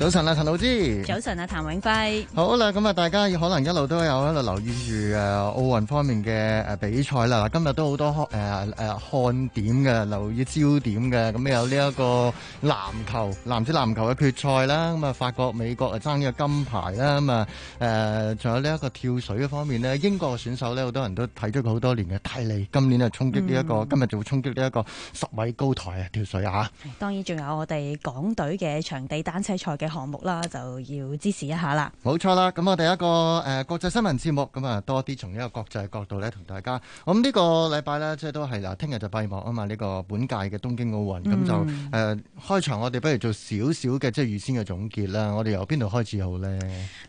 早晨啊，陳老師！早晨啊，譚永輝！好啦，咁啊，大家可能一路都有喺度留意住誒奧運方面嘅誒比賽啦。嗱，今日都好多誒誒看點嘅，留意焦點嘅。咁有呢一個籃球男子籃球嘅決賽啦。咁啊，法國、美國啊爭呢個金牌啦。咁啊，誒，仲有呢一個跳水嘅方面咧，英國嘅選手咧，好多人都睇咗佢好多年嘅，戴利今年啊衝擊呢一個，嗯、今日就會衝擊呢一個十米高台啊跳水啊吓。當然仲有我哋港隊嘅場地單車賽嘅。項目啦，就要支持一下啦。冇錯啦，咁我哋一個誒、呃、國際新聞節目，咁啊多啲從呢個國際角度咧，同大家。咁、嗯這個、呢個禮拜咧，即係都係嗱，聽日就閉幕啊嘛。呢、嗯這個本屆嘅東京奧運，咁、嗯、就誒、呃、開場，我哋不如做少少嘅即係預先嘅總結啦。我哋由邊度開始好咧？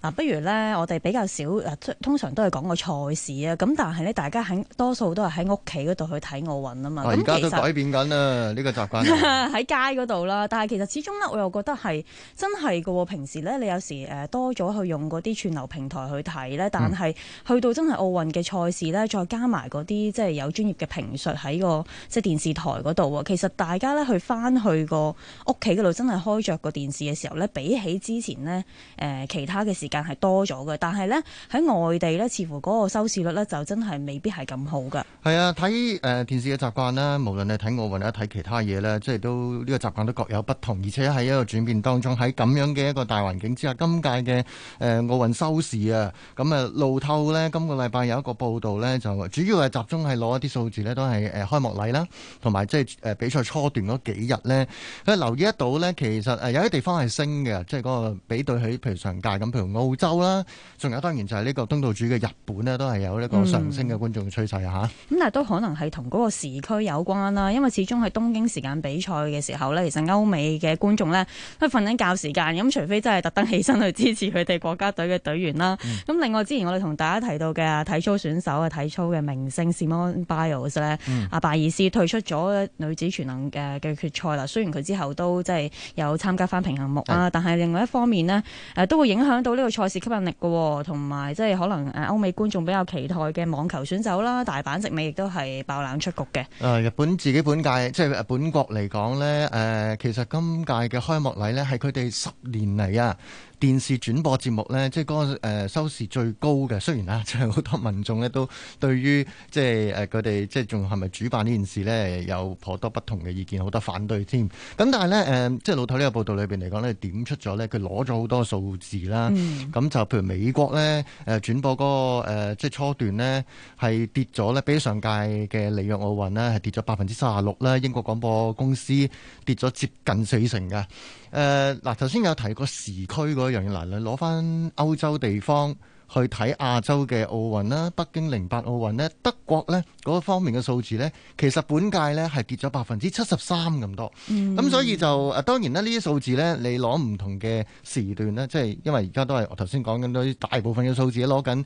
嗱、啊，不如咧，我哋比較少、啊、通常都係講個賽事啊。咁但係咧，大家喺多數都係喺屋企嗰度去睇奧運啊嘛。而、啊、家都在改變緊啦，呢、這個習慣喺 街嗰度啦。但係其實始終咧，我又覺得係真係。係嘅，平時咧你有時誒多咗去用嗰啲串流平台去睇咧，但係去到真係奧運嘅賽事咧，再加埋嗰啲即係有專業嘅評述喺個即係電視台嗰度。其實大家咧去翻去個屋企嗰度真係開着個電視嘅時候咧，比起之前呢，誒其他嘅時間係多咗嘅。但係咧喺外地咧，似乎嗰個收視率咧就真係未必係咁好噶。係啊，睇誒電視嘅習慣啦，無論你睇奧運啊睇其他嘢咧，即係都呢個習慣都各有不同，而且喺一個轉變當中喺咁。咁嘅一個大環境之下，今屆嘅誒、呃、奧運收視啊，咁啊路透呢，今個禮拜有一個報道呢，就主要係集中係攞一啲數字呢都係、呃、開幕禮啦，同埋即係誒、比賽初段嗰幾日呢。佢留意得到呢，其實誒、呃、有啲地方係升嘅，即係嗰個比對起譬如上屆咁，譬如澳洲啦，仲有當然就係呢個東道主嘅日本呢，都係有呢個上升嘅觀眾趨勢嚇。咁、嗯啊、但都可能係同嗰個時區有關啦，因為始終係東京時間比賽嘅時候呢，其實歐美嘅觀眾呢，佢瞓緊覺時間。咁、嗯、除非真係特登起身去支持佢哋國家隊嘅隊員啦。咁、嗯、另外之前我哋同大家提到嘅體操選手啊體操嘅明星 Simone Biles 咧、嗯，阿拜爾斯退出咗女子全能嘅嘅決賽啦。雖然佢之後都即係有參加翻平衡木啊，但係另外一方面咧，誒都會影響到呢個賽事吸引力嘅，同埋即係可能誒歐美觀眾比較期待嘅網球選手啦。大阪直美亦都係爆冷出局嘅。誒、呃、日本自己本屆即係本國嚟講咧，誒、呃、其實今屆嘅開幕禮咧係佢哋十年嚟啊，電視轉播節目呢，即係嗰個收視最高嘅。雖然啊，即係好多民眾呢都對於即係誒佢哋即係仲係咪主辦呢件事呢，有頗多不同嘅意見，好多反對添。咁但係呢，誒，即係老頭呢個報道裏邊嚟講呢，點出咗呢，佢攞咗好多數字啦。咁、嗯、就譬如美國呢，誒轉播嗰個即係初段呢，係跌咗呢比上屆嘅里約奧運呢，係跌咗百分之三十六啦。英國廣播公司跌咗接近四成㗎。誒、呃、嗱，頭先有提過時區嗰樣嘢，嗱你攞翻歐洲地方。去睇亞洲嘅奧運啦，北京零八奧運呢，德國呢嗰方面嘅數字呢，其實本屆呢係跌咗百分之七十三咁多，咁、嗯、所以就當然啦，呢啲數字呢，你攞唔同嘅時段呢，即係因為而家都係我頭先講緊啲大部分嘅數字攞緊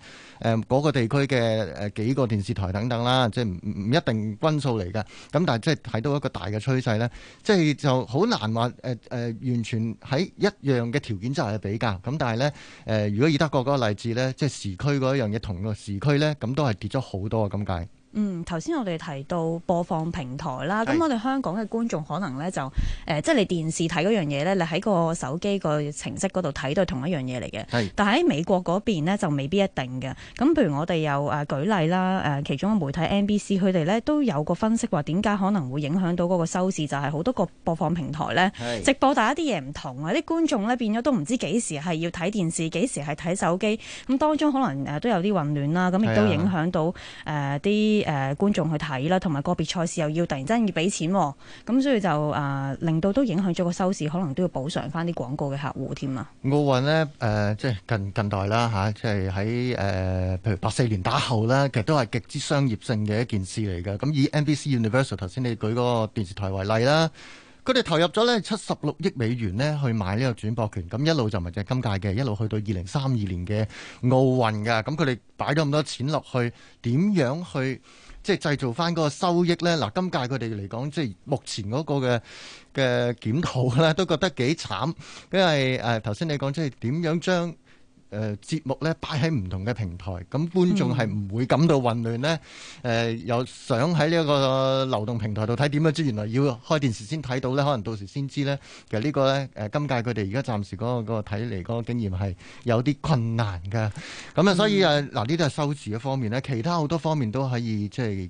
嗰個地區嘅誒幾個電視台等等啦，即係唔唔一定均數嚟㗎。咁但係即係睇到一個大嘅趨勢呢，即係就好難話、呃呃、完全喺一樣嘅條件之下去比較，咁但係呢、呃，如果以德國嗰個例子呢。即係時區嗰一樣嘢同個時區咧，咁都係跌咗好多啊。咁解。嗯，頭先我哋提到播放平台啦，咁我哋香港嘅觀眾可能咧就誒、呃，即係你電視睇嗰樣嘢咧，你喺個手機個程式嗰度睇都係同一樣嘢嚟嘅。係，但喺美國嗰邊咧就未必一定嘅。咁譬如我哋有誒舉例啦，誒、呃、其中嘅媒體 NBC 佢哋咧都有個分析話點解可能會影響到嗰個收視，就係、是、好多個播放平台咧直播大家啲嘢唔同啊！啲觀眾咧變咗都唔知幾時係要睇電視，幾時係睇手機，咁當中可能誒都有啲混亂啦，咁亦都影響到誒啲。誒、呃、觀眾去睇啦，同埋個別賽事又要突然間要俾錢、哦，咁所以就誒、呃、令到都影響咗個收視，可能都要補償翻啲廣告嘅客戶添啊！奧運咧誒，即係近近代啦嚇、啊，即係喺誒譬如八四年打後咧，其實都係極之商業性嘅一件事嚟嘅。咁以 NBC Universal 頭先你舉嗰個電視台為例啦。佢哋投入咗咧七十六億美元咧去買呢個轉播權，咁一路就唔係淨係今屆嘅，一路去到二零三二年嘅奧運㗎。咁佢哋擺咗咁多錢落去，點樣去即係製造翻嗰個收益咧？嗱，今屆佢哋嚟講，即係目前嗰個嘅嘅檢討咧，都覺得幾慘，因為誒頭先你講即係點樣將。誒節目咧擺喺唔同嘅平台，咁觀眾係唔會感到混亂呢？誒又想喺呢一個流動平台度睇點樣？之原來要開電視先睇到呢？可能到時先知呢。其實呢個呢，誒、呃、今屆佢哋而家暫時嗰、嗰個睇嚟嗰個經驗係有啲困難嘅。咁、嗯、啊，所以誒嗱，呢啲係收視嘅方面呢，其他好多方面都可以即係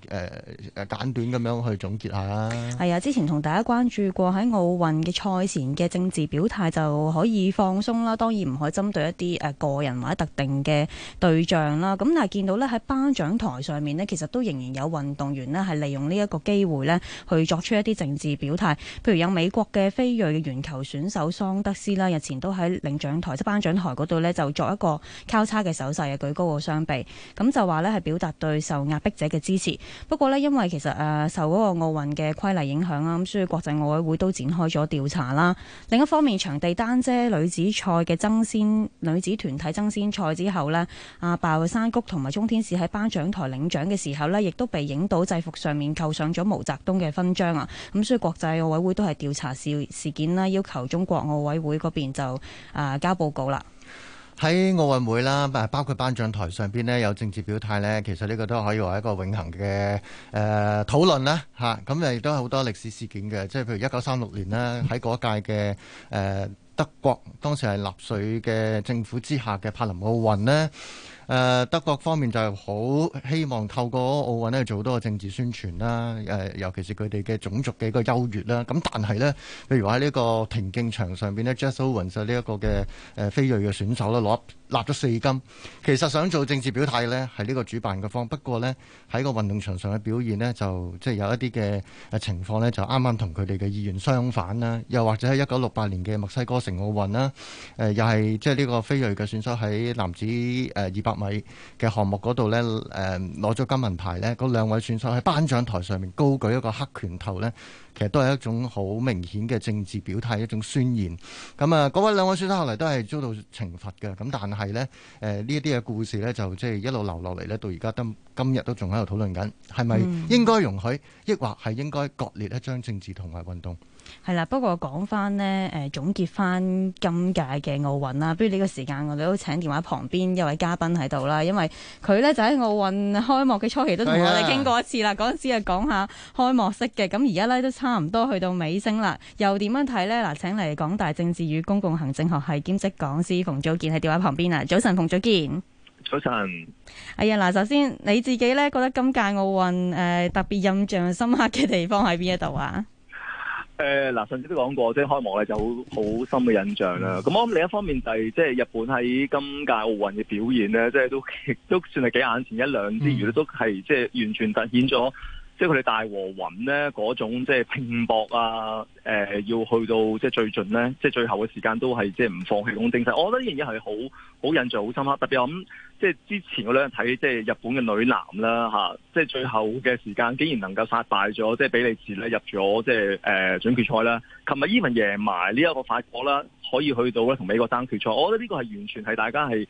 誒簡短咁樣去總結下啦。係啊，之前同大家關注過喺奧運嘅賽前嘅政治表態就可以放鬆啦。當然唔可以針對一啲誒、呃個人或者特定嘅對象啦，咁但係見到呢，喺頒獎台上面呢，其實都仍然有運動員呢係利用呢一個機會呢去作出一啲政治表態。譬如有美國嘅非裔嘅鉛球選手桑德斯啦，日前都喺領獎台即係頒獎台嗰度呢，就作一個交叉嘅手勢嘅舉高個雙臂，咁就話呢係表達對受壓迫者嘅支持。不過呢，因為其實誒、呃、受嗰個奧運嘅規例影響啊，咁所以國際奧委會都展開咗調查啦。另一方面，場地單車女子賽嘅爭先女子團。睇爭先賽之後呢，阿鮑珊菊同埋鍾天使喺頒獎台領獎嘅時候呢，亦都被影到制服上面扣上咗毛澤東嘅勳章啊！咁所以國際奧委會都係調查事事件啦，要求中國奧委會嗰邊就誒交報告啦。喺奧運會啦，包括頒獎台上邊呢，有政治表態呢，其實呢個都可以話一個永恆嘅誒討論啦。吓，咁亦都好多歷史事件嘅，即係譬如一九三六年啦，喺嗰屆嘅誒。德國當時係納粹嘅政府之下嘅柏林奧運呢，誒德國方面就係好希望透過奧運咧做好多嘅政治宣傳啦，誒尤其是佢哋嘅種族嘅一個優越啦。咁但係呢，譬如話喺呢個田徑場上邊呢 Jesse Owens 呢一個嘅誒非裔嘅選手咧攞立咗四金，其實想做政治表態呢，係呢個主辦嘅方。不過呢，喺個運動場上嘅表現呢，就即係有一啲嘅情況呢，就啱啱同佢哋嘅意願相反啦。又或者喺一九六八年嘅墨西哥城奧運啦，誒、呃、又係即係呢個非裔嘅選手喺男子誒二百米嘅項目嗰度呢，誒攞咗金銀牌呢嗰兩位選手喺頒獎台上面高舉一個黑拳頭呢，其實都係一種好明顯嘅政治表態，一種宣言。咁、嗯、啊，嗰位兩位選手後嚟都係遭到懲罰嘅。咁但、啊係咧，誒呢一啲嘅故事咧，就即係一路流落嚟咧，到而家今今日都仲喺度討論緊，係咪應該容許，抑或係應該割裂一張政治同埋運動？係啦，不過講翻呢，誒，總結翻今屆嘅奧運啦。不如呢個時間，我哋都請電話旁邊一位嘉賓喺度啦，因為佢呢就喺奧運開幕嘅初期都同我哋傾過一次啦。嗰陣時啊，講下開幕式嘅，咁而家呢都差唔多去到尾聲啦。又點樣睇呢？嗱，請嚟港大政治與公共行政學系兼職講師馮祖建喺電話旁邊啊。早晨，馮祖建。早晨。哎呀，嗱，首先你自己呢，覺得今屆奧運誒特別印象深刻嘅地方喺邊一度啊？誒，嗱，上次都講過，即係開幕咧就好好深嘅印象啦。咁我諗另一方面，就係即係日本喺今屆奧運嘅表現咧，即係都都算係幾眼前一亮之馀，都係即係完全凸顯咗。即係佢哋大和魂咧，嗰種即係拼搏啊！誒、呃，要去到即係最盡咧，即係最後嘅時間都係即係唔放棄咁掟實，我覺得呢樣嘢係好好印象好深刻。特別我諗即係之前我兩日睇即係日本嘅女籃啦，吓即係最後嘅時間竟然能夠殺敗咗，即係比利時咧入咗即係誒準決賽啦。琴日伊文贏埋呢一個法國啦，可以去到咧同美國爭決賽，我覺得呢個係完全係大家係。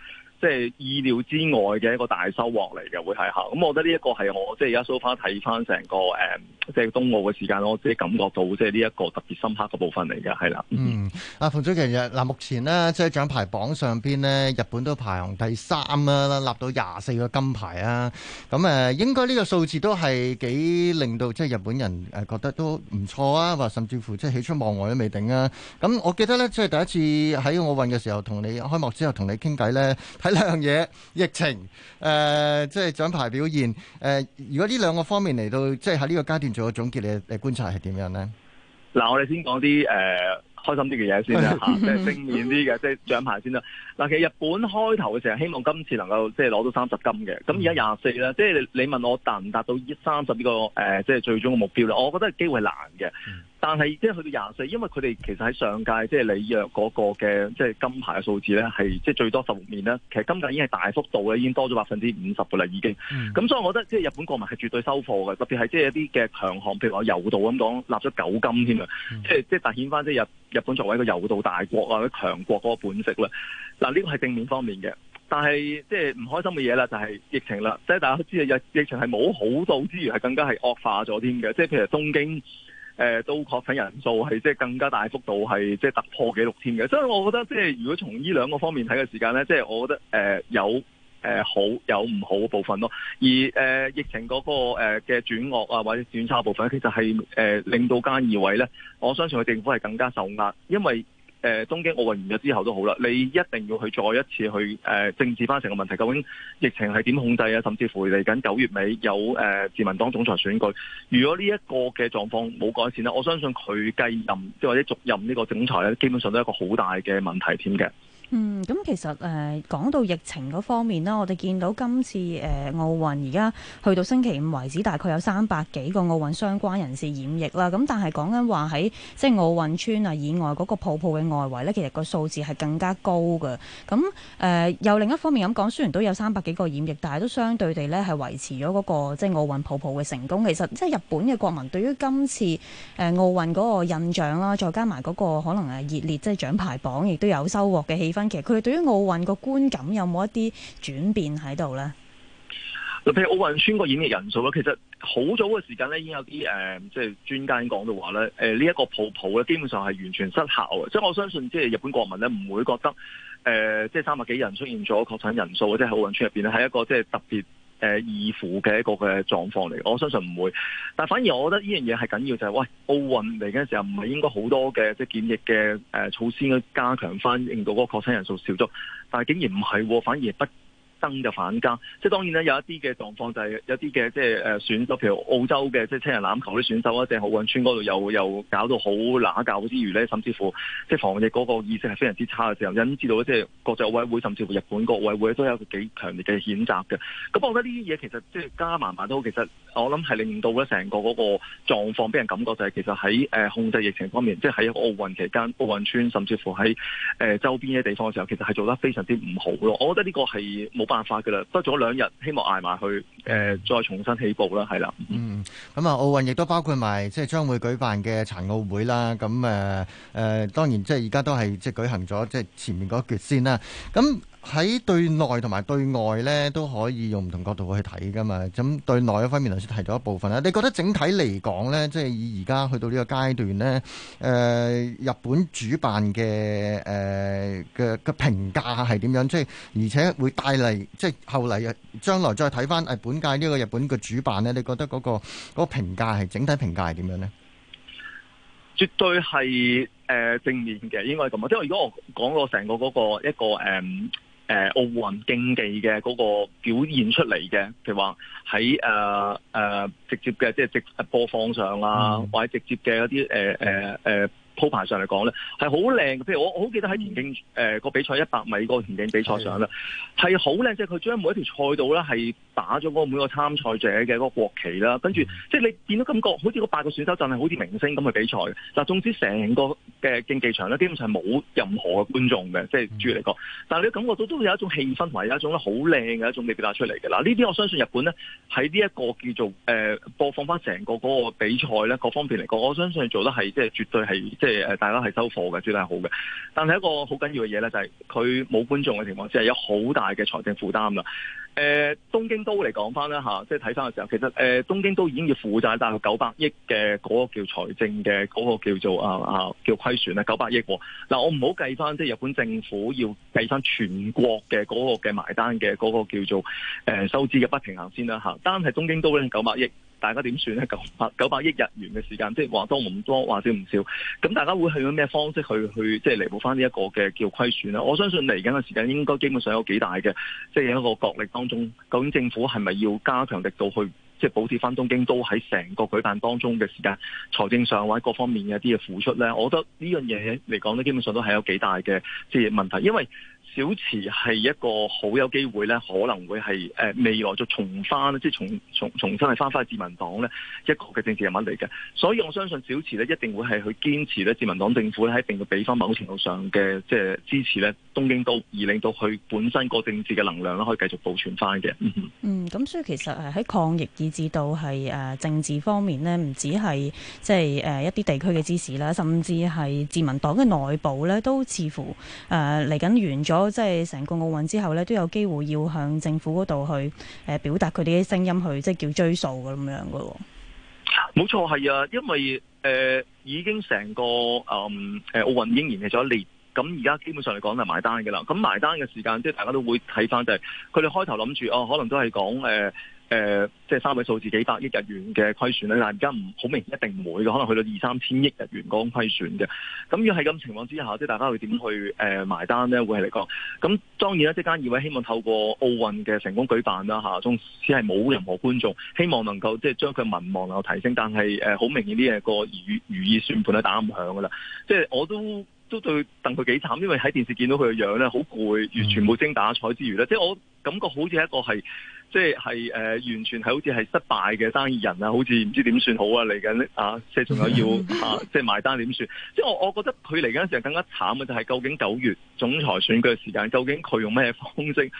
即係意料之外嘅一個大收穫嚟嘅，會係嚇。咁、嗯、我覺得呢一個係我即係而家 so far 睇翻成個誒，即係東奧嘅時間，我自己感覺到即係呢一個特別深刻嘅部分嚟嘅，係啦。嗯，阿、啊、馮主席又嗱，目前呢、啊，即係獎牌榜上邊呢，日本都排行第三啦、啊，攞到廿四個金牌啊。咁、啊、誒，應該呢個數字都係幾令到即係日本人誒覺得都唔錯啊，或甚至乎即係喜出望外都未定啊。咁我記得咧，即係第一次喺奧運嘅時候，同你開幕之後同你傾偈咧，喺。兩樣嘢，疫情誒，即係獎牌表現誒、呃。如果呢兩個方面嚟,到，即係喺呢個階段做個總結你的，你誒觀察係點樣咧？嗱，我哋先講啲誒開心啲嘅嘢先啦吓，即係正面啲嘅，即係獎牌先啦。嗱，其實日本開頭嘅時候，希望今次能夠即係攞到三十金嘅，咁而家廿四啦，即、嗯、係你，你問我達唔達到三十呢個誒，即、呃、係、就是、最終嘅目標咧？我覺得機會難嘅。嗯但係即係去到廿四，因為佢哋其實喺上屆即係、就是、里約嗰個嘅即係金牌嘅數字咧，係即係最多十六面咧。其實今屆已經係大幅度已經多咗百分之五十嘅啦，已經。咁、嗯、所以我覺得即係日本國民係絕對收貨嘅，特別係即係一啲嘅強項，譬如話柔道咁講，立咗九金添啊、嗯，即係即係凸顯翻即係日日本作為一個柔道大國啊、強國嗰個本色啦。嗱，呢個係正面方面嘅，但係即係唔開心嘅嘢啦，就係疫情啦。即係大家都知啊，疫疫情係冇好到之餘，係更加係惡化咗添嘅。即係譬如東京。誒、呃、都確診人數係即係更加大幅度係即係突破紀錄添嘅，所以我覺得即係如果從呢兩個方面睇嘅時間咧，即係我覺得誒、呃、有誒、呃、好有唔好嘅部分咯，而誒、呃、疫情嗰、那個誒嘅、呃、轉惡啊或者轉差部分，其實係誒、呃、令到菅義偉咧，我相信佢政府係更加受壓因為。誒東京奧運完咗之後都好啦，你一定要去再一次去誒政治翻成個問題，究竟疫情係點控制啊？甚至乎嚟緊九月尾有誒自民黨總裁選舉，如果呢一個嘅狀況冇改善呢，我相信佢繼任即或者續任呢個總裁咧，基本上都係一個好大嘅問題添嘅。嗯，咁其實誒講到疫情嗰方面啦，我哋見到今次誒奧運而家去到星期五為止，大概有三百幾個奧運相關人士染疫啦。咁但係講緊話，喺即係奧運村啊以外嗰個泡泡嘅外圍咧，其實個數字係更加高嘅。咁誒、呃、又另一方面咁講，雖然都有三百幾個染疫，但係都相對地咧係維持咗嗰、嗰個即係奧運泡泡嘅成功。其實即係日本嘅國民對於今次誒奧運嗰個印象啦，再加埋嗰個可能係熱烈即係獎牌榜亦都有收穫嘅氣分歧，佢哋對於奧運個觀感有冇一啲轉變喺度咧？嗱，譬如奧運村個演繹人數咯，其實好早嘅時間咧，已經有啲誒，即係、呃、即係、專家已經講到話咧，誒呢一個泡泡咧，基本上係完全失效嘅，即係我相信，即係日本國民咧，唔會覺得即係三百幾人出現咗確診人數，即係奧運村入邊咧，係一個即係特別。誒易腐嘅一個嘅狀況嚟，我相信唔會。但反而我覺得呢樣嘢係緊要，就係、是、喂奧運嚟嘅時候，唔係應該好多嘅即係檢疫嘅誒措施加強返，令到嗰個確診人數少咗。但係竟然唔係，反而不。增就反加，即係當然咧，有一啲嘅狀況就係有啲嘅即係誒選手，譬如澳洲嘅即係七人欖球啲選手啊，喺奧運村嗰度又又搞到好乸教之餘咧，甚至乎即係防疫嗰個意識係非常之差嘅時候，引致到即係國際奧委會甚至乎日本個奧委會都有一個幾強烈嘅譴責嘅。咁我覺得呢啲嘢其實即係加加埋埋都其實。我諗係令到咧成個嗰個狀況，俾人感覺就係其實喺誒控制疫情方面，即係喺奧運期間、奧運村，甚至乎喺誒、呃、周邊嘅地方嘅時候，其實係做得非常之唔好咯。我覺得呢個係冇辦法噶啦，得咗兩日，希望挨埋去誒、呃、再重新起步啦，係啦。嗯，咁啊，奧運亦都包括埋即係將會舉辦嘅殘奧會啦。咁誒誒，當然即係而家都係即係舉行咗即係前面嗰一橛先啦。咁。喺對內同埋對外咧都可以用唔同嘅角度去睇㗎嘛。咁對內嗰方面，頭先提到一部分啦。你覺得整體嚟講咧，即係以而家去到呢個階段咧，誒、呃、日本主辦嘅誒嘅嘅評價係點樣？即係而且會帶嚟，即係後嚟啊，將來再睇返誒本屆呢個日本嘅主辦咧，你覺得嗰、嗰個嗰、嗰個評價係整體評價係點樣咧？絕對係誒正面嘅，應該係咁啊！即係如果我講過成個嗰、嗰個一個誒。嗯誒、呃、奧運競技嘅嗰個表現出嚟嘅，譬如話喺誒誒直接嘅，即係直播放上啦、啊嗯，或者直接嘅嗰啲誒誒誒。呃呃呃鋪排上嚟講咧，係好靚。譬如我，我好記得喺田徑誒、嗯呃、個比賽一百米嗰個田徑比賽上咧，係好靚。即係佢將每一條賽道咧，係打咗嗰每個參賽者嘅嗰國旗啦，跟住即係你見到感覺，好似嗰八個選手真係好似明星咁去比賽嗱，但總之成個嘅競技場咧，基本上冇任何嘅觀眾嘅，即係主要嚟講。但你感覺到都有一種氣氛同埋有一種呢好靚嘅一種嚟表達出嚟嘅啦。呢啲我相信日本咧喺呢一個叫做誒、呃、播放翻成個嗰個比賽咧各方面嚟講，我相信做得係即係絕對係。即係誒，大家係收貨嘅，絕對係好嘅。但係一個好緊要嘅嘢咧，就係佢冇觀眾嘅情況之下，有好大嘅財政負擔啦。誒，東京都嚟講翻啦，吓，即係睇翻嘅時候，其實誒東京都已經要負債大概九百億嘅嗰個叫財政嘅嗰個叫做啊啊叫虧損啊九百億。嗱，我唔好計翻，即係日本政府要計翻全國嘅嗰個嘅埋單嘅嗰個叫做誒收支嘅不平衡先啦吓。單係東京都咧九百億。大家點算咧？九百九百億日元嘅時間，即係話多唔多，話少唔少。咁大家會去用咩方式去去即係彌補翻呢一個嘅叫虧損咧？我相信嚟緊嘅時間應該基本上有幾大嘅，即係一個角力當中，究竟政府係咪要加強力度去即係補貼翻東京都喺成個舉辦當中嘅時間、財政上或者各方面嘅一啲嘅付出咧？我覺得呢樣嘢嚟講咧，基本上都係有幾大嘅即係問題，因為。小池係一個好有機會咧，可能會係誒、呃、未來再重返，即係重重重新係翻返去自民黨咧一個嘅政治人物嚟嘅。所以我相信小池呢，一定會係去堅持咧，自民黨政府咧喺一定會俾翻某程度上嘅即係支持咧東京都，而令到佢本身個政治嘅能量咧可以繼續保存翻嘅。嗯，咁所以其實係喺抗疫以至到係誒、呃、政治方面呢，唔止係即係誒一啲地區嘅支持啦，甚至係自民黨嘅內部咧都似乎誒嚟緊完咗。即係成個奧運之後咧，都有機會要向政府嗰度去誒、呃、表達佢哋啲聲音去，去即係叫追數嘅咁樣嘅。冇錯，係啊，因為誒、呃、已經成個誒、嗯呃、奧運已經延期咗一年，咁而家基本上嚟講就係埋單嘅啦。咁埋單嘅時間，即係大家都會睇返、就是，就係佢哋開頭諗住哦，可能都係講誒。呃誒、呃，即係三位數字幾百億日元嘅虧損咧，但係而家唔好明顯一定唔會嘅，可能去到二三千億日元嗰種虧損嘅。咁要係咁情況之下，即係大家會點去誒、呃、埋單咧？會嚟講，咁當然啦，即係間二位希望透過奧運嘅成功舉辦啦嚇，縱使係冇任何觀眾，希望能夠即係將佢民望有提升，但係誒好明顯呢樣個如意算盤咧打唔響噶啦，即係我都。都對，戥佢幾慘，因為喺電視見到佢嘅樣咧，好攰，完全冇精打彩之餘咧，即係我感覺好似一個係，即係係誒，完全係好似係失敗嘅生意人啊，好似唔知點算好啊嚟緊啊，啊，即係仲有要啊，即係埋單點算？即係我，我覺得佢嚟緊時候更加慘嘅，就係、是、究竟九月總裁選舉嘅時間，究竟佢用咩方式？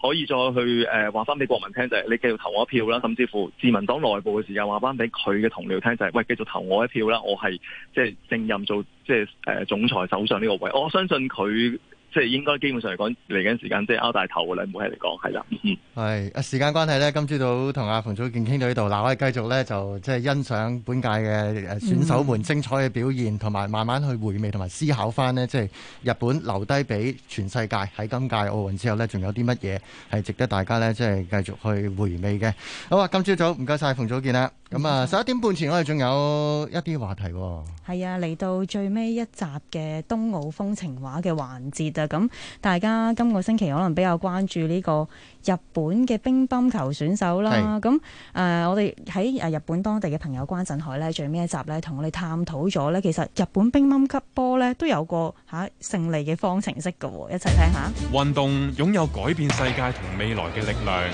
可以再去誒話翻俾國民聽就係你繼續投我一票啦，甚至乎自民黨內部嘅時間話翻俾佢嘅同僚聽就係、是、喂繼續投我一票啦，我係即係正任做即係誒總裁首相呢個位，我相信佢。即係應該基本上嚟講，嚟緊時間即係拗大頭嘅唔好係嚟講係啦。嗯，啊，時間關係呢，今朝早同阿馮祖建傾到呢度，嗱，我哋繼續呢，就即係欣賞本屆嘅選手們精彩嘅表現，同、嗯、埋慢慢去回味同埋思考翻呢。即係日本留低俾全世界喺今屆奧運之後呢，仲有啲乜嘢係值得大家呢？即係繼續去回味嘅。好啊，今朝早唔該晒馮祖建了啊。咁、嗯、啊，十一點半前我哋仲有一啲話題喎。係啊，嚟到最尾一集嘅東奧風情畫嘅環節。咁大家今個星期可能比較關注呢個日本嘅乒乓球選手啦。咁誒、呃，我哋喺日本當地嘅朋友關震海呢，最尾一集呢，同我哋探討咗呢。其實日本乒乓球呢，都有個吓、啊、勝利嘅方程式嘅，一齊聽一下。運動擁有改變世界同未來嘅力量。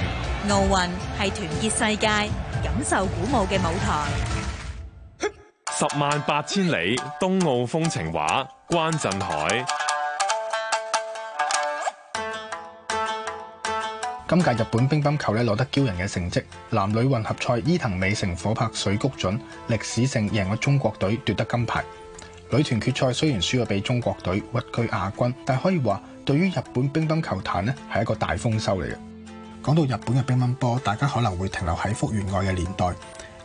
奧運係團結世界、感受鼓舞嘅舞台。十萬八千里東奧風情畫，關震海。今屆日本乒乓球咧攞得驕人嘅成績，男女混合賽伊藤美誠火拍水谷隼歷史性贏咗中國隊奪得金牌，女團決賽雖然輸咗俾中國隊屈居亞軍，但可以話對於日本乒乓球壇咧係一個大豐收嚟嘅。講到日本嘅乒乓波，大家可能會停留喺福原愛嘅年代，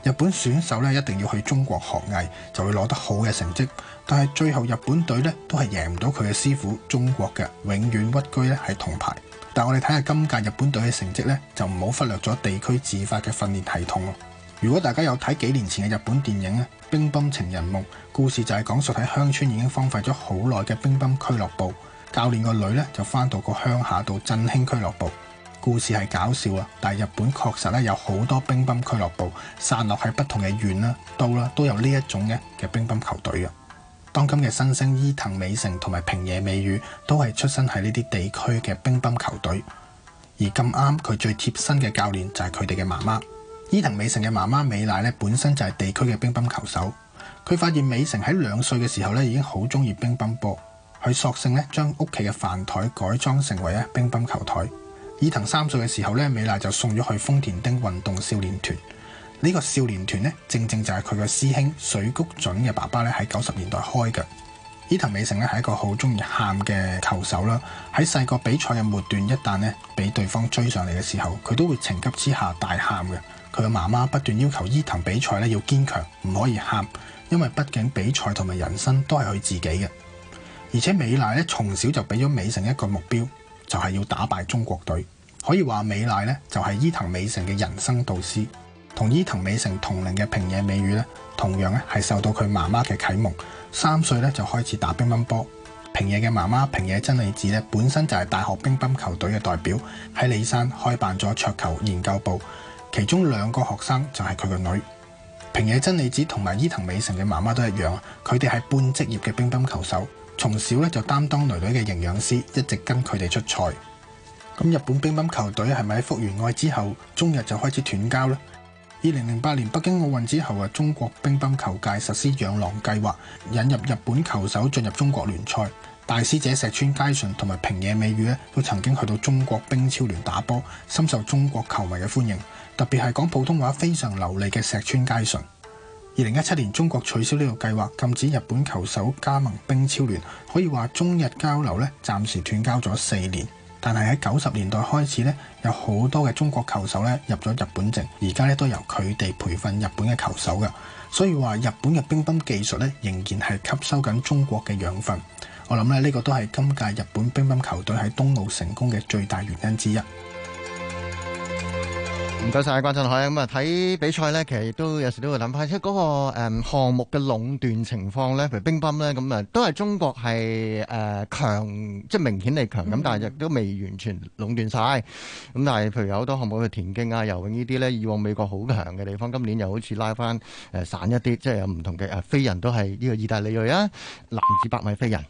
日本選手咧一定要去中國學藝就會攞得好嘅成績，但係最後日本隊咧都係贏唔到佢嘅師傅中國嘅，永遠屈居咧係銅牌。但我哋睇下今屆日本隊嘅成績咧，就唔好忽略咗地區自發嘅訓練系統。如果大家有睇幾年前嘅日本電影咧，《乒乓情人夢》，故事就係講述喺鄉村已經荒廢咗好耐嘅乒乓俱樂部，教練個女咧就翻到個鄉下度振興俱樂部。故事係搞笑啊，但係日本確實咧有好多乒乓俱樂部散落喺不同嘅縣啦、都啦，都有呢一種嘅嘅乒乓球隊啊。當今嘅新星伊藤美誠同埋平野美宇都係出身喺呢啲地區嘅乒乓球隊，而咁啱佢最貼身嘅教練就係佢哋嘅媽媽。伊藤美誠嘅媽媽美娜咧本身就係地區嘅乒乓球手，佢發現美誠喺兩歲嘅時候咧已經好中意乒乓波。佢索性咧將屋企嘅飯台改裝成為咧乒乓球台。伊藤三歲嘅時候咧，美娜就送咗去豐田町運動少年團。呢、這個少年團咧，正正就係佢個師兄水谷隼嘅爸爸咧，喺九十年代開嘅。伊藤美誠咧係一個好中意喊嘅球手啦，喺細個比賽嘅末段，一旦咧俾對方追上嚟嘅時候，佢都會情急之下大喊嘅。佢嘅媽媽不斷要求伊藤比賽咧要堅強，唔可以喊，因為畢竟比賽同埋人生都係佢自己嘅。而且美娜咧，從小就俾咗美誠一個目標，就係、是、要打敗中國隊。可以話美娜咧就係伊藤美誠嘅人生導師。同伊藤美誠同齡嘅平野美宇咧，同樣咧係受到佢媽媽嘅啟蒙，三歲咧就開始打乒乓波。平野嘅媽媽平野真理子咧本身就係大學乒乓球隊嘅代表，喺里山開辦咗桌球研究部，其中兩個學生就係佢個女平野真理子同埋伊藤美誠嘅媽媽都一樣，佢哋係半職業嘅乒乓球手，從小咧就擔當女女嘅營養師，一直跟佢哋出賽。咁日本乒乓球隊係咪喺福原愛之後，中日就開始斷交呢？二零零八年北京奧運之後啊，中國乒乓球界實施養狼計劃，引入日本球手進入中國聯賽。大師姐石川佳純同埋平野美宇咧都曾經去到中國乒超聯打波，深受中國球迷嘅歡迎。特別係講普通話非常流利嘅石川佳純。二零一七年中國取消呢個計劃，禁止日本球手加盟乒超聯，可以話中日交流咧暫時斷交咗四年。但係喺九十年代開始咧，有好多嘅中國球手咧入咗日本籍，而家咧都由佢哋培訓日本嘅球手嘅，所以話日本嘅乒乓技術咧仍然係吸收緊中國嘅養分。我諗咧呢個都係今屆日本乒乓球隊喺東奧成功嘅最大原因之一。唔該晒關震海，咁啊睇比賽咧，其實亦都有時都會諗翻，即係嗰個誒項、嗯、目嘅壟斷情況咧，譬如乒乓咧，咁啊都係中國係誒、呃、強，即係明顯係強咁，但係亦都未完全壟斷晒。咁但係譬如有好多項目，去田徑啊、游泳呢啲咧，以往美國好強嘅地方，今年又好似拉翻誒散一啲，即係有唔同嘅誒飛人都係呢、這個意大利裔啊，男子百米飛人。